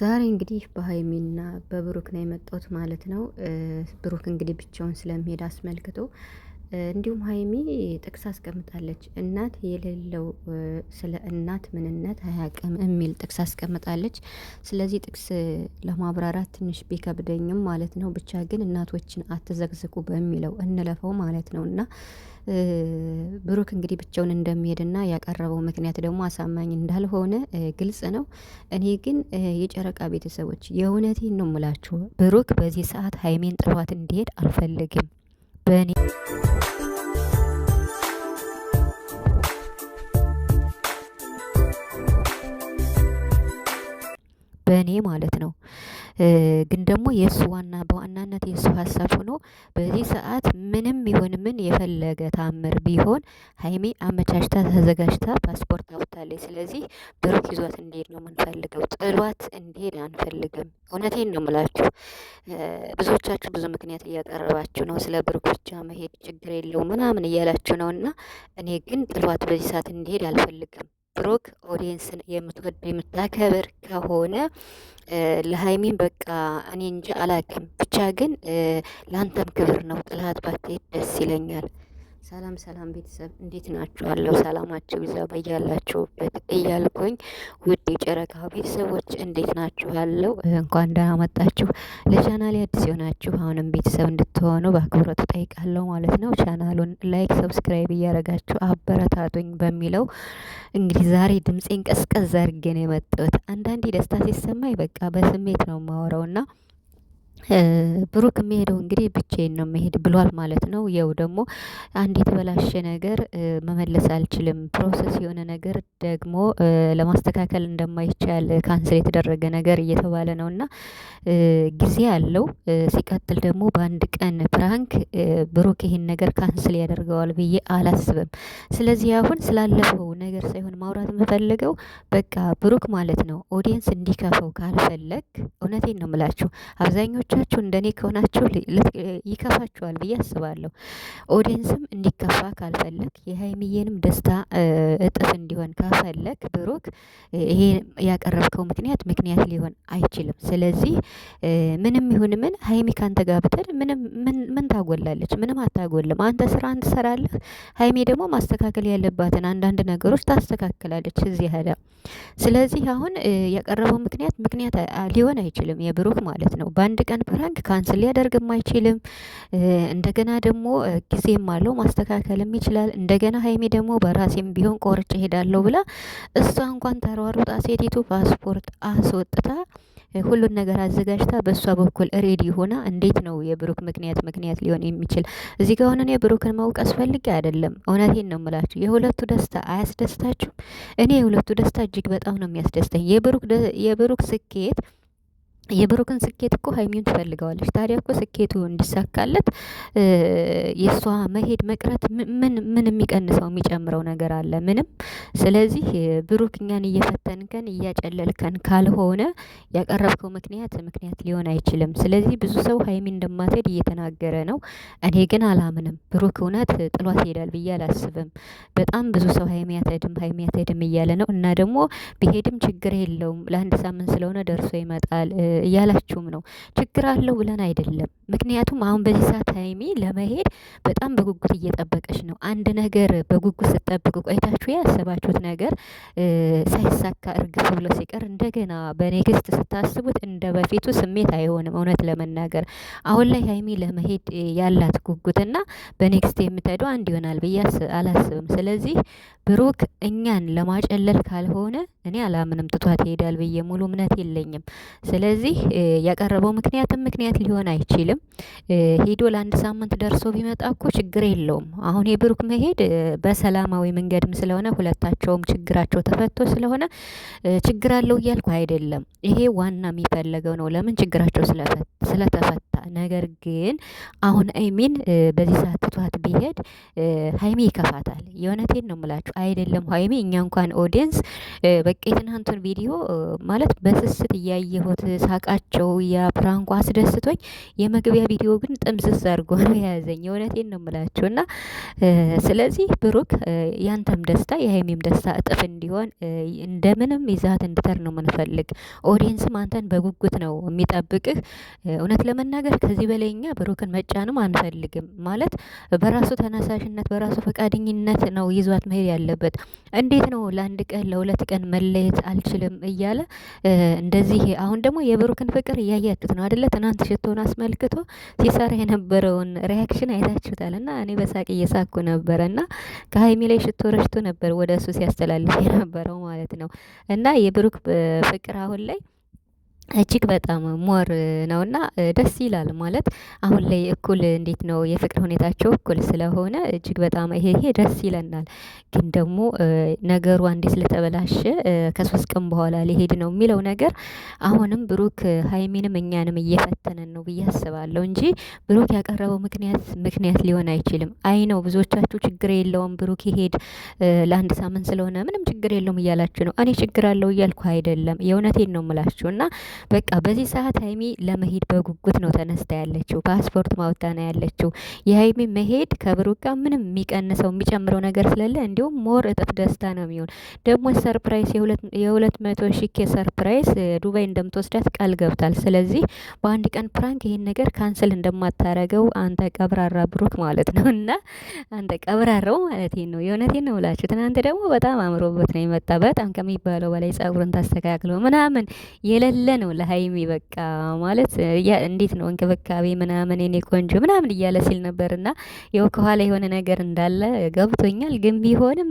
ዛሬ እንግዲህ በሀይሚና በብሩክ ነው የመጣሁት ማለት ነው። ብሩክ እንግዲህ ብቻውን ስለሚሄድ አስመልክቶ እንዲሁም ሀይሚ ጥቅስ አስቀምጣለች። እናት የሌለው ስለ እናት ምንነት አያቅም የሚል ጥቅስ አስቀምጣለች። ስለዚህ ጥቅስ ለማብራራት ትንሽ ቢከብደኝም ማለት ነው ብቻ ግን እናቶችን አትዘግዝቁ በሚለው እንለፈው ማለት ነው እና ብሩክ እንግዲህ ብቻውን እንደሚሄድና ያቀረበው ምክንያት ደግሞ አሳማኝ እንዳልሆነ ግልጽ ነው። እኔ ግን የጨረቃ ቤተሰቦች የእውነቴን ነው የምላችሁ፣ ብሩክ በዚህ ሰዓት ሀይሜን ጥሏት እንዲሄድ አልፈልግም። በእኔ በእኔ ማለት ነው ግን ደግሞ የእሱ ዋና በዋናነት የእሱ ሀሳብ ሆኖ በዚህ ሰዓት ምንም ይሁን ምን የፈለገ ታምር ቢሆን ሀይሚ አመቻችታ ተዘጋጅታ ፓስፖርት አውጥታለች። ስለዚህ ብሩክ ይዟት እንዲሄድ ነው የምንፈልገው፣ ጥሏት እንዲሄድ አንፈልግም። እውነቴን ነው የምላችሁ። ብዙዎቻችሁ ብዙ ምክንያት እያቀረባችሁ ነው። ስለ ብሩክ ብቻ መሄድ ችግር የለው ምናምን እያላችሁ ነው እና እኔ ግን ጥሏት በዚህ ሰዓት እንዲሄድ አልፈልግም። ብሩክ ኦዲየንስን የምትወድ የምታከብር ከሆነ ለሀይሚን በቃ እኔ እንጂ አላክም ብቻ ግን ለአንተም ክብር ነው ጥላት ባትሄድ ደስ ይለኛል። ሰላም ሰላም ቤተሰብ እንዴት አለው ሰላማችሁ ይዛ በያላችሁበት እያልኩኝ ውድ የጨረቃ ቤተሰቦች እንዴት ናችኋለሁ? እንኳን ደህና መጣችሁ። ለቻናል አዲስ የሆናችሁ አሁንም ቤተሰብ እንድትሆኑ በአክብሮት ጠይቃለሁ ማለት ነው። ቻናሉን ላይክ፣ ሰብስክራይብ እያደረጋችሁ አበረታቱኝ በሚለው እንግዲህ ዛሬ ድምፄን ቀዝቀዝ አድርጌ ነው የመጣሁት። አንዳንዴ ደስታ ሲሰማኝ በቃ በስሜት ነው ና ብሩክ የሚሄደው እንግዲህ ብቻዬን ነው መሄድ ብሏል ማለት ነው። ያው ደግሞ አንድ የተበላሸ ነገር መመለስ አልችልም፣ ፕሮሰስ የሆነ ነገር ደግሞ ለማስተካከል እንደማይቻል ካንስል የተደረገ ነገር እየተባለ ነው እና ጊዜ አለው። ሲቀጥል ደግሞ በአንድ ቀን ፕራንክ ብሩክ ይህን ነገር ካንስል ያደርገዋል ብዬ አላስብም። ስለዚህ አሁን ስላለፈው ነገር ሳይሆን ማውራት የምፈልገው በቃ ብሩክ ማለት ነው ኦዲየንስ እንዲከፈው ካልፈለግ፣ እውነቴን ነው የምላችሁ አብዛኞቹ ብዙዎቻችሁ እንደኔ ከሆናችሁ ይከፋችኋል ብዬ አስባለሁ። ኦዲየንስም እንዲከፋ ካልፈለግ የሀይሚዬንም ደስታ እጥፍ እንዲሆን ካፈለግ ብሩክ ይሄ ያቀረብከው ምክንያት ምክንያት ሊሆን አይችልም። ስለዚህ ምንም ይሁን ምን ሀይሚ ካንተ ጋር ብትል ምን ታጎላለች? ምንም አታጎልም። አንተ ስራ ትሰራለህ፣ ሀይሚ ደግሞ ማስተካከል ያለባትን አንዳንድ ነገሮች ታስተካክላለች እዚህ ያለ ስለዚህ አሁን ያቀረበው ምክንያት ምክንያት ሊሆን አይችልም የብሩክ ማለት ነው በአንድ ቀን ያደርጋል። ፕራንክ ካንስል ሊያደርግም አይችልም። እንደገና ደግሞ ጊዜም አለው ማስተካከልም ይችላል። እንደገና ሀይሚ ደግሞ በራሴም ቢሆን ቆርጭ ሄዳለሁ ብላ እሷ እንኳን ተሯሩጣ ሴቲቱ ፓስፖርት አስወጥታ ሁሉን ነገር አዘጋጅታ በእሷ በኩል ሬዲ ሆና እንዴት ነው የብሩክ ምክንያት ምክንያት ሊሆን የሚችል እዚህ ጋር ሆነን የብሩክን መውቀስ ፈልጌ አይደለም። እውነቴን ነው ምላችሁ፣ የሁለቱ ደስታ አያስደስታችሁም? እኔ የሁለቱ ደስታ እጅግ በጣም ነው የሚያስደስተኝ። የብሩክ ስኬት የብሩክን ስኬት እኮ ሀይሚን ትፈልገዋለች። ታዲያ እኮ ስኬቱ እንዲሳካለት የእሷ መሄድ መቅረት ምን ምን የሚቀንሰው የሚጨምረው ነገር አለ? ምንም። ስለዚህ ብሩክ እኛን እየፈተንከን እያጨለልከን ካልሆነ ያቀረብከው ምክንያት ምክንያት ሊሆን አይችልም። ስለዚህ ብዙ ሰው ሀይሚን እንደማትሄድ እየተናገረ ነው። እኔ ግን አላምንም። ብሩክ እውነት ጥሏት ይሄዳል ብዬ አላስብም። በጣም ብዙ ሰው ሀይሚ አትሄድም፣ ሀይሚ አትሄድም እያለ ነው እና ደግሞ ቢሄድም ችግር የለውም ለአንድ ሳምንት ስለሆነ ደርሶ ይመጣል እያላችሁም ነው። ችግር አለው ብለን አይደለም። ምክንያቱም አሁን በዚህ ሰዓት ሀይሚ ለመሄድ በጣም በጉጉት እየጠበቀች ነው። አንድ ነገር በጉጉት ስጠብቅ ቆይታችሁ ያሰባችሁት ነገር ሳይሳካ እርግፍ ብሎ ሲቀር እንደገና በኔክስት ስታስቡት እንደ በፊቱ ስሜት አይሆንም። እውነት ለመናገር አሁን ላይ ሀይሚ ለመሄድ ያላት ጉጉትና በኔክስት የምትሄደው አንድ ይሆናል ብዬ አላስብም። ስለዚህ ብሩክ እኛን ለማጨለል ካልሆነ እኔ አላምንም ትቷት ይሄዳል ብዬ ሙሉ እምነት የለኝም። ስለዚህ ስለዚህ ያቀረበው ምክንያትም ምክንያት ሊሆን አይችልም። ሄዶ ለአንድ ሳምንት ደርሶ ቢመጣ እኮ ችግር የለውም። አሁን የብሩክ መሄድ በሰላማዊ መንገድም ስለሆነ ሁለታቸውም ችግራቸው ተፈቶ ስለሆነ ችግር አለው እያልኩ አይደለም። ይሄ ዋና የሚፈለገው ነው። ለምን ችግራቸው ስለተፈታ ነገር ግን አሁን አይሚን በዚህ ሰዓት ትቷት ቢሄድ ሀይሚ ይከፋታል። የእውነቴን ነው የምላችሁ። አይደለም ሀይሚ እኛ እንኳን ኦዲየንስ በቃ የትናንቱን ቪዲዮ ማለት በስስት እያየሁት ሳቃቸው የፕራንኳ አስደስቶኝ የመግቢያ ቪዲዮ ግን ጥምስስ አድርጎ ነው የያዘኝ። የእውነቴን ነው ምላችሁ እና ስለዚህ ብሩክ ያንተም ደስታ የሀይሚም ደስታ እጥፍ እንዲሆን እንደምንም ይዛት እንድተር ነው ምንፈልግ። ኦዲየንስም አንተን በጉጉት ነው የሚጠብቅህ እውነት ለመናገር ማለት ከዚህ በላይ እኛ ብሩክን መጫንም አንፈልግም። ማለት በራሱ ተነሳሽነት በራሱ ፈቃደኝነት ነው ይዟት መሄድ ያለበት። እንዴት ነው ለአንድ ቀን ለሁለት ቀን መለየት አልችልም እያለ እንደዚህ። አሁን ደግሞ የብሩክን ፍቅር እያያችሁት ነው አደለ? ትናንት ሽቶን አስመልክቶ ሲሰራ የነበረውን ሪያክሽን አይታችሁታል። እና እኔ በሳቅ እየሳኩ ነበረ። እና ከሀይሚ ላይ ሽቶ ረሽቶ ነበር ወደ እሱ ሲያስተላልፍ የነበረው ማለት ነው። እና የብሩክ ፍቅር አሁን ላይ እጅግ በጣም ሞር ነውና ደስ ይላል። ማለት አሁን ላይ እኩል እንዴት ነው የፍቅር ሁኔታቸው እኩል ስለሆነ እጅግ በጣም ይሄ ይሄ ደስ ይለናል። ግን ደግሞ ነገሩ አንዴ ስለተበላሸ ከሶስት ቀን በኋላ ሊሄድ ነው የሚለው ነገር አሁንም ብሩክ ሀይሚንም እኛንም እየፈተነን ነው ብዬ አስባለሁ እንጂ ብሩክ ያቀረበው ምክንያት ምክንያት ሊሆን አይችልም። አይ ነው ብዙዎቻችሁ ችግር የለውም ብሩክ ይሄድ ለአንድ ሳምንት ስለሆነ ምንም ችግር የለውም እያላችሁ ነው። እኔ ችግር አለው እያልኩ አይደለም። የእውነቴን ነው ምላችሁ እና በቃ በዚህ ሰዓት ሀይሚ ለመሄድ በጉጉት ነው ተነስታ ያለችው። ፓስፖርት ማውጣ ነው ያለችው። የሀይሚ መሄድ ከብሩክ ጋር ምንም የሚቀንሰው የሚጨምረው ነገር ስለሌለ እንዲሁም ሞር እጥፍ ደስታ ነው የሚሆን። ደግሞ ሰርፕራይዝ የሁለት መቶ ሺኬ ሰርፕራይስ ዱባይ እንደምትወስዳት ቃል ገብታል። ስለዚህ በአንድ ቀን ፕራንክ ይሄን ነገር ካንስል እንደማታረገው አንተ ቀብራራ ብሩክ ማለት ነው እና አንተ ቀብራራው ማለት ነው። የእውነቴን ነው ላችሁ። ትናንት ደግሞ በጣም አምሮበት ነው የመጣ በጣም ከሚባለው በላይ ጸጉርን ታስተካክለው ምናምን የሌለ ነው ለሀይሚ በቃ ማለት እንዴት ነው እንክብካቤ ምናምን የኔ ቆንጆ ምናምን እያለ ሲል ነበር። እና ያው ከኋላ የሆነ ነገር እንዳለ ገብቶኛል። ግን ቢሆንም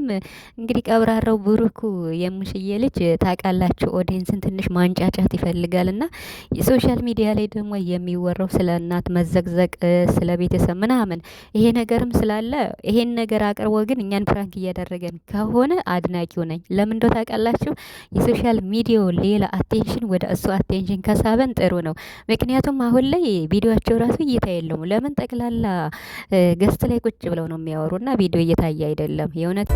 እንግዲህ ቀብራራው ብሩኩ የሙሽዬ ልጅ ታውቃላችሁ፣ ኦዲየንስን ትንሽ ማንጫጫት ይፈልጋል። እና ሶሻል ሚዲያ ላይ ደግሞ የሚወራው ስለ እናት መዘግዘቅ፣ ስለ ቤተሰብ ምናምን ይሄ ነገርም ስላለ ይሄን ነገር አቅርቦ ግን እኛን ፕራንክ እያደረገን ከሆነ አድናቂው ነኝ። ለምን ታውቃላችሁ የሶሻል ሚዲያው ሌላ አቴንሽን ወደ እሷ አቴንሽን ከሳበን ጥሩ ነው። ምክንያቱም አሁን ላይ ቪዲዮቸው ራሱ እይታ የለውም። ለምን ጠቅላላ ገስት ላይ ቁጭ ብለው ነው የሚያወሩና ቪዲዮ እየታየ አይደለም የእውነት